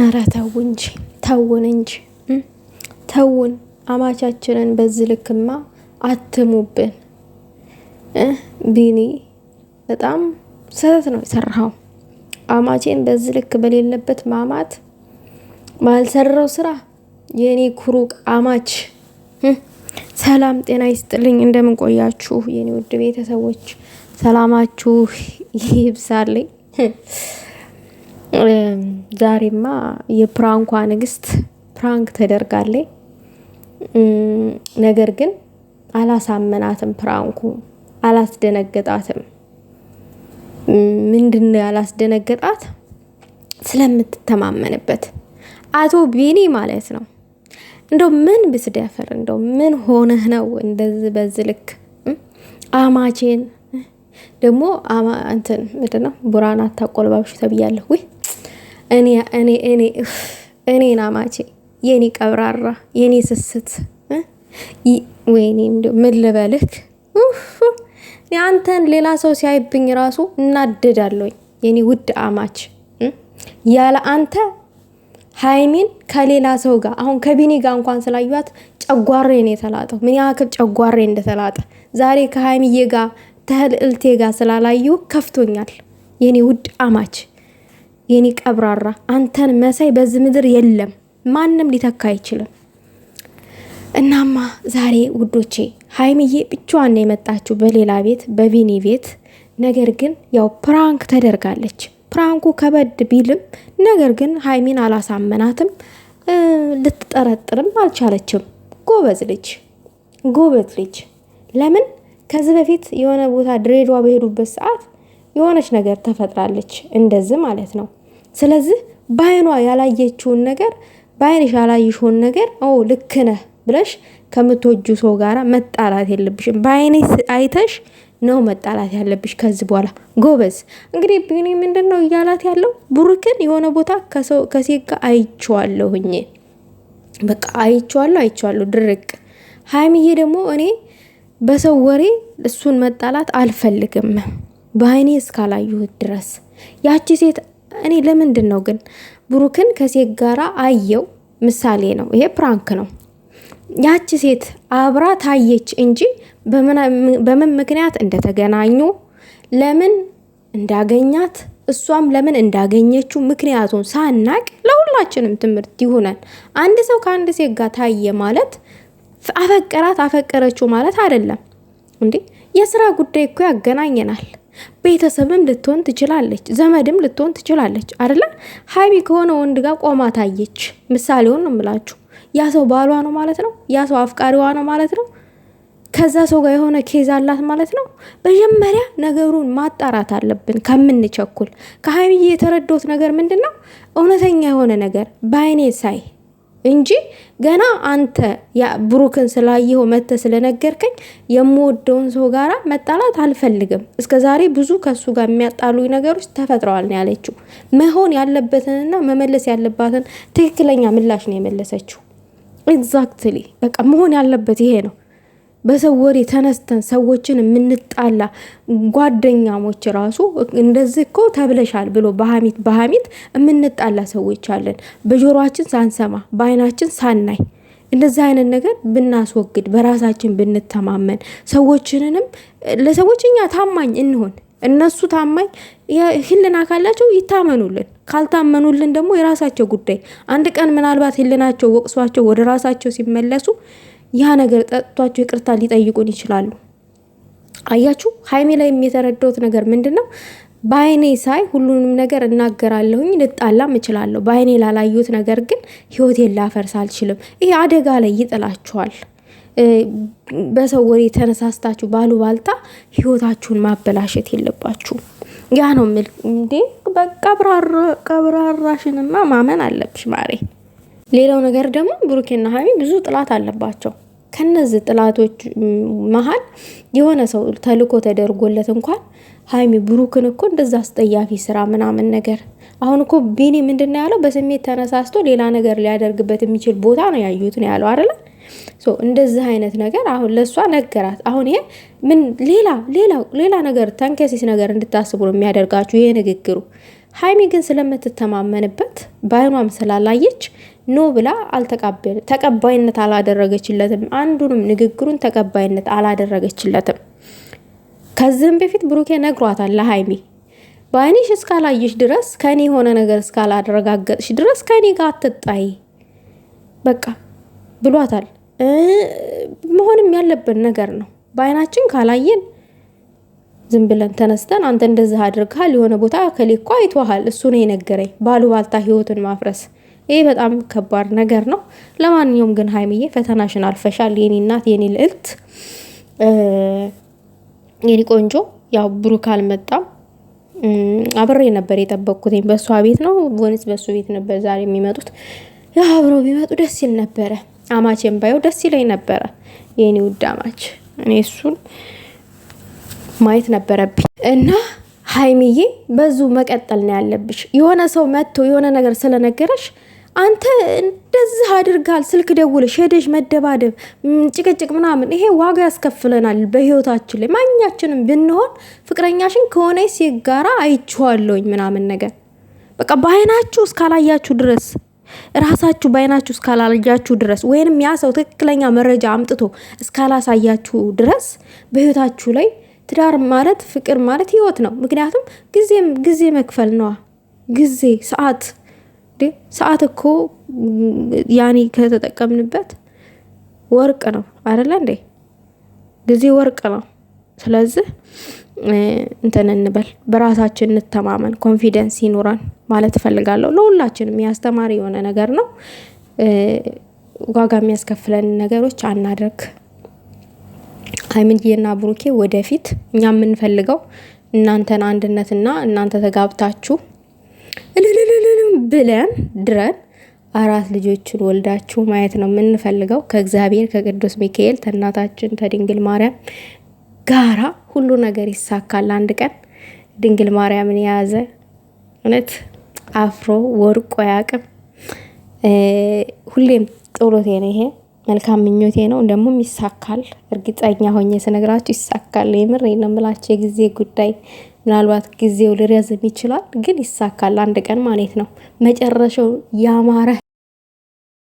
ኧረ ተው እንጂ ተውን እንጂ ተውን። አማቻችንን በዚህ ልክማ አትሙብን። ቢኒ በጣም ስህተት ነው የሰራኸው። አማቼን በዚህ ልክ በሌለበት ማማት ባልሰራው ስራ የኔ ኩሩቅ አማች። ሰላም ጤና ይስጥልኝ። እንደምን ቆያችሁ የኔ ውድ ቤተሰቦች? ሰላማችሁ ይብዛልኝ። ዛሬማ የፕራንኳ ንግስት ፕራንክ ተደርጋለች። ነገር ግን አላሳመናትም። ፕራንኩ አላስደነገጣትም። ምንድን ያላስደነገጣት? ስለምትተማመንበት አቶ ቢኒ ማለት ነው። እንደው ምን ብስደፍር፣ እንደው ምን ሆነህ ነው እንደዚህ በዚህ ልክ አማቼን ደግሞ እንትን ምንድን ነው ቡራን አታቆልባብሽ ተብያለሁ። እኔ እኔ እኔ እኔ ናማቼ የኔ ቀብራራ የኔ ስስት ወይኔ ምን ልበልክ? አንተን ሌላ ሰው ሲያይብኝ ራሱ እናደዳለኝ። የኔ ውድ አማች ያለ አንተ ሀይሚን ከሌላ ሰው ጋር አሁን ከቢኒ ጋር እንኳን ስላዩት ጨጓሬ ነው የተላጠው። ምን ያክል ጨጓሬ እንደተላጠ ዛሬ ከሀይሚዬ ጋር ተህልእልቴ ጋር ስላላዩ ከፍቶኛል። የኔ ውድ አማች የኔ ቀብራራ አንተን መሳይ በዚህ ምድር የለም፣ ማንም ሊተካ አይችልም። እናማ ዛሬ ውዶቼ ሀይምዬ ብቻዋን ነው የመጣችው በሌላ ቤት በቢኒ ቤት። ነገር ግን ያው ፕራንክ ተደርጋለች። ፕራንኩ ከበድ ቢልም ነገር ግን ሀይሚን አላሳመናትም፣ ልትጠረጥርም አልቻለችም። ጎበዝ ልጅ ጎበዝ ልጅ። ለምን ከዚህ በፊት የሆነ ቦታ ድሬዳዋ በሄዱበት ሰዓት የሆነች ነገር ተፈጥራለች እንደዚህ ማለት ነው። ስለዚህ በአይኗ ያላየችውን ነገር በአይንሽ ያላየሽውን ነገር ኦ ልክ ነህ ብለሽ ከምትወጁ ሰው ጋር መጣላት የለብሽም። በአይኔ አይተሽ ነው መጣላት ያለብሽ ከዚህ በኋላ ጎበዝ። እንግዲህ ቢኒ ምንድን ነው እያላት ያለው ብሩክን የሆነ ቦታ ከሴት ጋር አይቼዋለሁኝ፣ በቃ አይቼዋለሁ፣ አይቼዋለሁ ድርቅ። ሀይሚዬ ደግሞ እኔ በሰው ወሬ እሱን መጣላት አልፈልግም በአይኔ እስካላየሁት ድረስ ያቺ ሴት እኔ ለምንድን ነው ግን ብሩክን ከሴት ጋር አየው? ምሳሌ ነው ይሄ ፕራንክ ነው። ያቺ ሴት አብራ ታየች እንጂ በምን ምክንያት እንደተገናኙ ለምን እንዳገኛት እሷም ለምን እንዳገኘችው ምክንያቱን ሳናቅ ለሁላችንም ትምህርት ይሆናል። አንድ ሰው ከአንድ ሴት ጋር ታየ ማለት አፈቀራት አፈቀረችው ማለት አይደለም እንዴ። የስራ ጉዳይ እኮ ያገናኘናል። ቤተሰብም ልትሆን ትችላለች፣ ዘመድም ልትሆን ትችላለች። አደለ ሀይሚ ከሆነ ወንድ ጋር ቆማ ታየች። ምሳሌውን ነው የምላችሁ። ያ ሰው ባሏ ነው ማለት ነው። ያ ሰው አፍቃሪዋ ነው ማለት ነው። ከዛ ሰው ጋር የሆነ ኬዝ አላት ማለት ነው። መጀመሪያ ነገሩን ማጣራት አለብን ከምንቸኩል። ከሀይሚዬ የተረዶት ነገር ምንድን ነው? እውነተኛ የሆነ ነገር በአይኔ ሳይ እንጂ ገና አንተ ብሩክን ስላየው መተ ስለነገርከኝ የምወደውን ሰው ጋራ መጣላት አልፈልግም። እስከ ዛሬ ብዙ ከሱ ጋር የሚያጣሉ ነገሮች ተፈጥረዋል ነው ያለችው። መሆን ያለበትንና መመለስ ያለባትን ትክክለኛ ምላሽ ነው የመለሰችው። ኤግዛክትሊ በቃ መሆን ያለበት ይሄ ነው። በሰው ወሬ ተነስተን ሰዎችን የምንጣላ ጓደኛሞች ራሱ እንደዚህ እኮ ተብለሻል ብሎ በሀሚት በሀሚት የምንጣላ ሰዎች አለን። በጆሮችን ሳንሰማ በአይናችን ሳናይ እንደዚህ አይነት ነገር ብናስወግድ፣ በራሳችን ብንተማመን፣ ሰዎችንንም ለሰዎች እኛ ታማኝ እንሆን። እነሱ ታማኝ ህልና ካላቸው ይታመኑልን፣ ካልታመኑልን ደግሞ የራሳቸው ጉዳይ። አንድ ቀን ምናልባት ህልናቸው ወቅሷቸው ወደ ራሳቸው ሲመለሱ ያ ነገር ጠጥቷቸው ይቅርታ ሊጠይቁን ይችላሉ። አያችሁ፣ ሀይሜ ላይ የተረዳሁት ነገር ምንድን ነው? በአይኔ ሳይ ሁሉንም ነገር እናገራለሁኝ፣ ልጣላም እችላለሁ። በአይኔ ላላዩት ነገር ግን ህይወቴን ላፈርስ አልችልም። ይሄ አደጋ ላይ ይጥላችኋል። በሰው ወሬ ተነሳስታችሁ ባልታ ህይወታችሁን ማበላሸት የለባችሁም። ያ ነው ምል እንዴ። በቀብራራሽንማ ማመን አለብሽ ማሬ። ሌላው ነገር ደግሞ ብሩኬና ሀሚ ብዙ ጥላት አለባቸው። ከነዚህ ጥላቶች መሀል የሆነ ሰው ተልኮ ተደርጎለት እንኳን ሀይሚ ብሩክን እኮ እንደዛ አስጠያፊ ስራ ምናምን ነገር አሁን እኮ ቢኒ ምንድን ነው ያለው? በስሜት ተነሳስቶ ሌላ ነገር ሊያደርግበት የሚችል ቦታ ነው ያዩት ነው ያለው አይደለ? እንደዚህ አይነት ነገር አሁን ለእሷ ነገራት። አሁን ይሄ ምን ሌላ ሌላ ሌላ ነገር ተንከሲስ ነገር እንድታስቡ ነው የሚያደርጋችሁ ይሄ ንግግሩ። ሀይሚ ግን ስለምትተማመንበት በአይኗም ስላላየች ኖ ብላ አልተቃበል ተቀባይነት አላደረገችለትም። አንዱንም ንግግሩን ተቀባይነት አላደረገችለትም። ከዚህም በፊት ብሩኬ ነግሯታል ለሀይሚ በአይንሽ እስካላየሽ ድረስ ከኔ የሆነ ነገር እስካላረጋገጥሽ ድረስ ከኔ ጋር አትጣይ በቃ ብሏታል። መሆንም ያለብን ነገር ነው። በአይናችን ካላየን ዝም ብለን ተነስተን አንተ እንደዚህ አድርግሃል የሆነ ቦታ እከሌ እኮ አይቶሃል እሱ ነው የነገረኝ ባሉ ባልታ ህይወትን ማፍረስ ይህ በጣም ከባድ ነገር ነው። ለማንኛውም ግን ሀይምዬ ፈተናሽን አልፈሻል። የኔ እናት፣ የኔ ልዕልት፣ የኔ ቆንጆ። ያው ብሩክ አልመጣም። አብሬ ነበር የጠበቅኩትኝ። በእሷ ቤት ነው ወይስ በእሱ ቤት ነበር ዛሬ የሚመጡት? ያ አብረው ቢመጡ ደስ ይል ነበረ። አማቼን ባየው ደስ ይለኝ ነበረ። የኔ ውድ አማች እኔ እሱን ማየት ነበረብኝ እና ሀይሚዬ በዙ መቀጠል ነው ያለብሽ። የሆነ ሰው መጥቶ የሆነ ነገር ስለነገረሽ አንተ እንደዚህ አድርጋል ስልክ ደውለሽ ሄደሽ መደባደብ፣ ጭቅጭቅ ምናምን ይሄ ዋጋ ያስከፍለናል በህይወታችን ላይ ማኛችንም ብንሆን። ፍቅረኛሽን ከሆነ ሴት ጋራ አይችዋለሁኝ ምናምን ነገር በቃ በአይናችሁ እስካላያችሁ ድረስ ራሳችሁ በአይናችሁ እስካላያችሁ ድረስ ወይንም ያ ሰው ትክክለኛ መረጃ አምጥቶ እስካላሳያችሁ ድረስ በህይወታችሁ ላይ ትዳር ማለት ፍቅር ማለት ህይወት ነው። ምክንያቱም ጊዜም ጊዜ መክፈል ነዋ። ጊዜ ሰዓት ሰዓት እኮ ያኔ ከተጠቀምንበት ወርቅ ነው አይደለ እንዴ? ጊዜ ወርቅ ነው። ስለዚህ እንትን እንበል፣ በራሳችን እንተማመን፣ ኮንፊደንስ ይኑረን ማለት እፈልጋለሁ። ለሁላችንም ያስተማሪ የሆነ ነገር ነው። ዋጋ የሚያስከፍለን ነገሮች አናድርግ። ሀይሚዬና ብሩኬ ወደፊት እኛ የምንፈልገው እናንተን አንድነትና እናንተ ተጋብታችሁ እልልልልልም ብለን ድረን አራት ልጆችን ወልዳችሁ ማየት ነው የምንፈልገው። ከእግዚአብሔር ከቅዱስ ሚካኤል ከእናታችን ከድንግል ማርያም ጋራ ሁሉ ነገር ይሳካል። አንድ ቀን ድንግል ማርያምን የያዘ እውነት አፍሮ ወርቆ ያቅም። ሁሌም ጸሎቴ ነው ይሄ። መልካም ምኞቴ ነው። ደግሞም ይሳካል እርግጠኛ ሆኜ ስነግራችሁ ይሳካል። የምሬን ነው የምላችሁ። የጊዜ ጉዳይ ምናልባት ጊዜው ሊረዝም ይችላል፣ ግን ይሳካል አንድ ቀን ማለት ነው። መጨረሻው ያማረ